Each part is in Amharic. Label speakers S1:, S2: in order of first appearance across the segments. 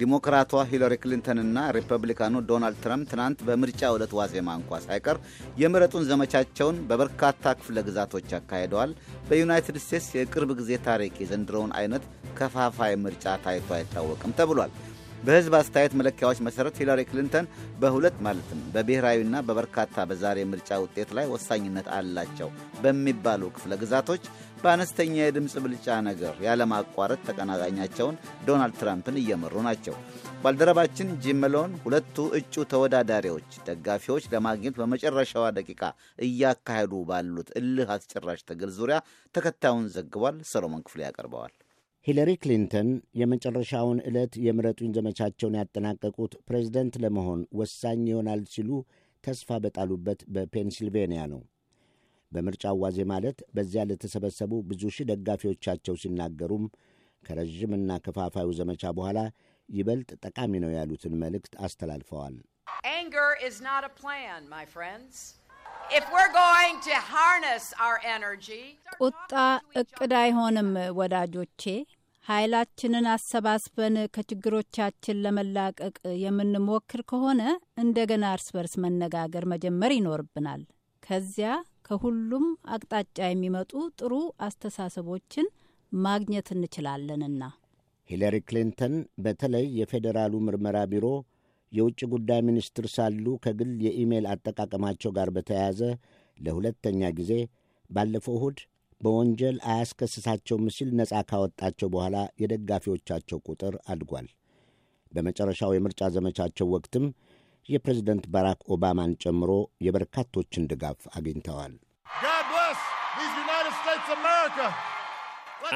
S1: ዲሞክራቷ ሂለሪ ክሊንተንና ሪፐብሊካኑ ዶናልድ ትራምፕ ትናንት በምርጫ ዕለት ዋዜማ እንኳ ሳይቀር የምረጡን ዘመቻቸውን በበርካታ ክፍለ ግዛቶች አካሂደዋል። በዩናይትድ ስቴትስ የቅርብ ጊዜ ታሪክ የዘንድሮውን አይነት ከፋፋይ ምርጫ ታይቶ አይታወቅም ተብሏል። በህዝብ አስተያየት መለኪያዎች መሠረት ሂላሪ ክሊንተን በሁለት ማለትም በብሔራዊና በበርካታ በዛሬ ምርጫ ውጤት ላይ ወሳኝነት አላቸው በሚባሉ ክፍለ ግዛቶች በአነስተኛ የድምፅ ብልጫ ነገር ያለማቋረጥ ተቀናቃኛቸውን ዶናልድ ትራምፕን እየመሩ ናቸው። ባልደረባችን ጂም መሎን ሁለቱ እጩ ተወዳዳሪዎች ደጋፊዎች ለማግኘት በመጨረሻዋ ደቂቃ እያካሄዱ ባሉት እልህ አስጨራሽ ትግል ዙሪያ ተከታዩን ዘግቧል። ሰሎሞን ክፍሌ ያቀርበዋል።
S2: ሂለሪ ክሊንተን የመጨረሻውን ዕለት የምረጡኝ ዘመቻቸውን ያጠናቀቁት ፕሬዝደንት ለመሆን ወሳኝ ይሆናል ሲሉ ተስፋ በጣሉበት በፔንሲልቬንያ ነው። በምርጫው ዋዜ ማለት በዚያ ለተሰበሰቡ ብዙ ሺህ ደጋፊዎቻቸው ሲናገሩም ከረዥምና ከፋፋዩ ዘመቻ በኋላ ይበልጥ ጠቃሚ ነው ያሉትን መልእክት አስተላልፈዋል።
S1: ቁጣ እቅድ አይሆንም ወዳጆቼ። ኃይላችንን አሰባስበን ከችግሮቻችን ለመላቀቅ የምንሞክር ከሆነ እንደገና እርስ በርስ መነጋገር መጀመር ይኖርብናል። ከዚያ ከሁሉም አቅጣጫ የሚመጡ ጥሩ አስተሳሰቦችን ማግኘት እንችላለንና።
S2: ሂለሪ ክሊንተን በተለይ የፌዴራሉ ምርመራ ቢሮ የውጭ ጉዳይ ሚኒስትር ሳሉ ከግል የኢሜል አጠቃቀማቸው ጋር በተያያዘ ለሁለተኛ ጊዜ ባለፈው እሁድ በወንጀል አያስከስሳቸውም ሲል ነፃ ካወጣቸው በኋላ የደጋፊዎቻቸው ቁጥር አድጓል። በመጨረሻው የምርጫ ዘመቻቸው ወቅትም የፕሬዝደንት ባራክ ኦባማን ጨምሮ የበርካቶችን ድጋፍ አግኝተዋል።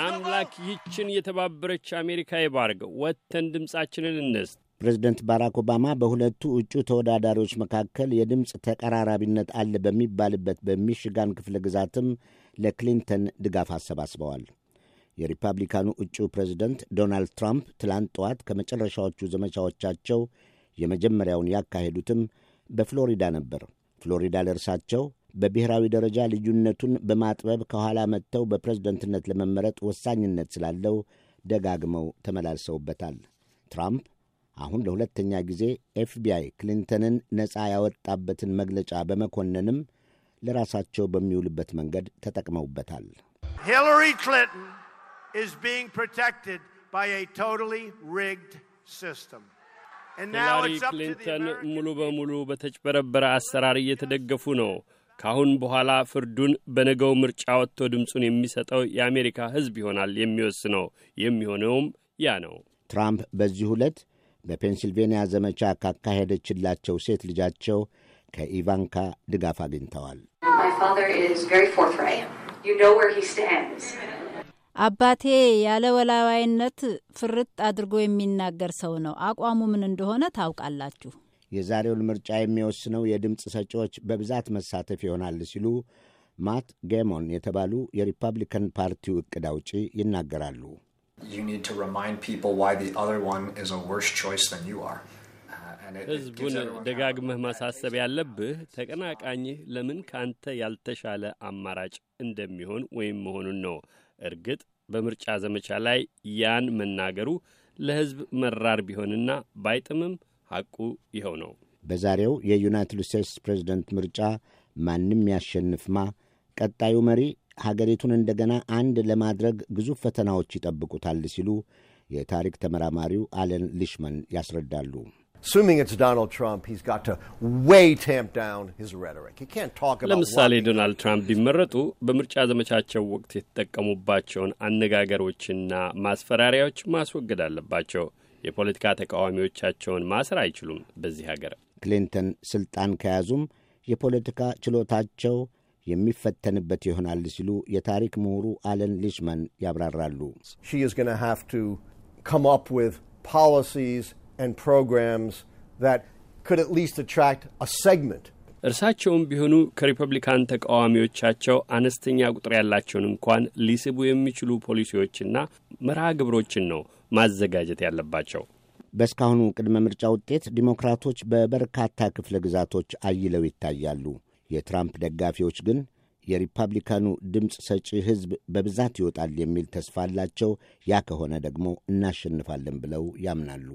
S3: አምላክ ይችን የተባበረች አሜሪካ ይባርክ። ወጥተን ድምፃችንን እንስጥ።
S2: ፕሬዚደንት ባራክ ኦባማ በሁለቱ እጩ ተወዳዳሪዎች መካከል የድምፅ ተቀራራቢነት አለ በሚባልበት በሚሽጋን ክፍለ ግዛትም ለክሊንተን ድጋፍ አሰባስበዋል። የሪፐብሊካኑ እጩ ፕሬዚደንት ዶናልድ ትራምፕ ትላንት ጠዋት ከመጨረሻዎቹ ዘመቻዎቻቸው የመጀመሪያውን ያካሄዱትም በፍሎሪዳ ነበር። ፍሎሪዳ ለእርሳቸው በብሔራዊ ደረጃ ልዩነቱን በማጥበብ ከኋላ መጥተው በፕሬዝደንትነት ለመመረጥ ወሳኝነት ስላለው ደጋግመው ተመላልሰውበታል። ትራምፕ አሁን ለሁለተኛ ጊዜ ኤፍቢአይ ክሊንተንን ነፃ ያወጣበትን መግለጫ በመኮነንም ለራሳቸው በሚውልበት መንገድ ተጠቅመውበታል።
S3: ሂላሪ ክሊንተን ኢዝ ቢንግ ፕሮቴክትድ ባይ ኤ ቶታሊ ሪግድ ሲስተም ሂላሪ ክሊንተን ሙሉ በሙሉ በተጭበረበረ አሰራር እየተደገፉ ነው። ካአሁን በኋላ ፍርዱን በነገው ምርጫ ወጥቶ ድምፁን የሚሰጠው የአሜሪካ ሕዝብ ይሆናል የሚወስነው። የሚሆነውም ያ ነው።
S2: ትራምፕ በዚህ ዕለት በፔንሲልቬንያ ዘመቻ ካካሄደችላቸው ሴት ልጃቸው ከኢቫንካ ድጋፍ አግኝተዋል።
S1: አባቴ ያለ ወላዋይነት ፍርጥ አድርጎ የሚናገር ሰው ነው። አቋሙ ምን እንደሆነ ታውቃላችሁ።
S2: የዛሬውን ምርጫ የሚወስነው የድምፅ ሰጪዎች በብዛት መሳተፍ ይሆናል ሲሉ ማት ጌሞን የተባሉ የሪፐብሊካን ፓርቲው እቅድ አውጪ ይናገራሉ።
S3: ህዝቡን ደጋግመህ ማሳሰብ ያለብህ ተቀናቃኝህ ለምን ካንተ ያልተሻለ አማራጭ እንደሚሆን ወይም መሆኑን ነው። እርግጥ በምርጫ ዘመቻ ላይ ያን መናገሩ ለህዝብ መራር ቢሆንና ባይጥምም ሐቁ ይኸው ነው።
S2: በዛሬው የዩናይትድ ስቴትስ ፕሬዝደንት ምርጫ ማንም ያሸንፍማ ቀጣዩ መሪ ሀገሪቱን እንደገና አንድ ለማድረግ ግዙፍ ፈተናዎች ይጠብቁታል ሲሉ የታሪክ ተመራማሪው አለን
S3: ሊሽመን ያስረዳሉ። ለምሳሌ ዶናልድ ትራምፕ ቢመረጡ በምርጫ ዘመቻቸው ወቅት የተጠቀሙባቸውን አነጋገሮችና ማስፈራሪያዎች ማስወገድ አለባቸው። የፖለቲካ ተቃዋሚዎቻቸውን ማሰር አይችሉም። በዚህ ሀገር
S2: ክሊንተን ስልጣን ከያዙም የፖለቲካ ችሎታቸው የሚፈተንበት ይሆናል ሲሉ የታሪክ ምሁሩ አለን ሊሽመን ያብራራሉ።
S3: እርሳቸውም ቢሆኑ ከሪፐብሊካን ተቃዋሚዎቻቸው አነስተኛ ቁጥር ያላቸውን እንኳን ሊስቡ የሚችሉ ፖሊሲዎችና መርሃ ግብሮችን ነው ማዘጋጀት ያለባቸው።
S2: በእስካሁኑ ቅድመ ምርጫ ውጤት ዲሞክራቶች በበርካታ ክፍለ ግዛቶች አይለው ይታያሉ። የትራምፕ ደጋፊዎች ግን የሪፐብሊካኑ ድምፅ ሰጪ ሕዝብ በብዛት ይወጣል የሚል ተስፋ አላቸው። ያ ከሆነ ደግሞ እናሸንፋለን ብለው ያምናሉ።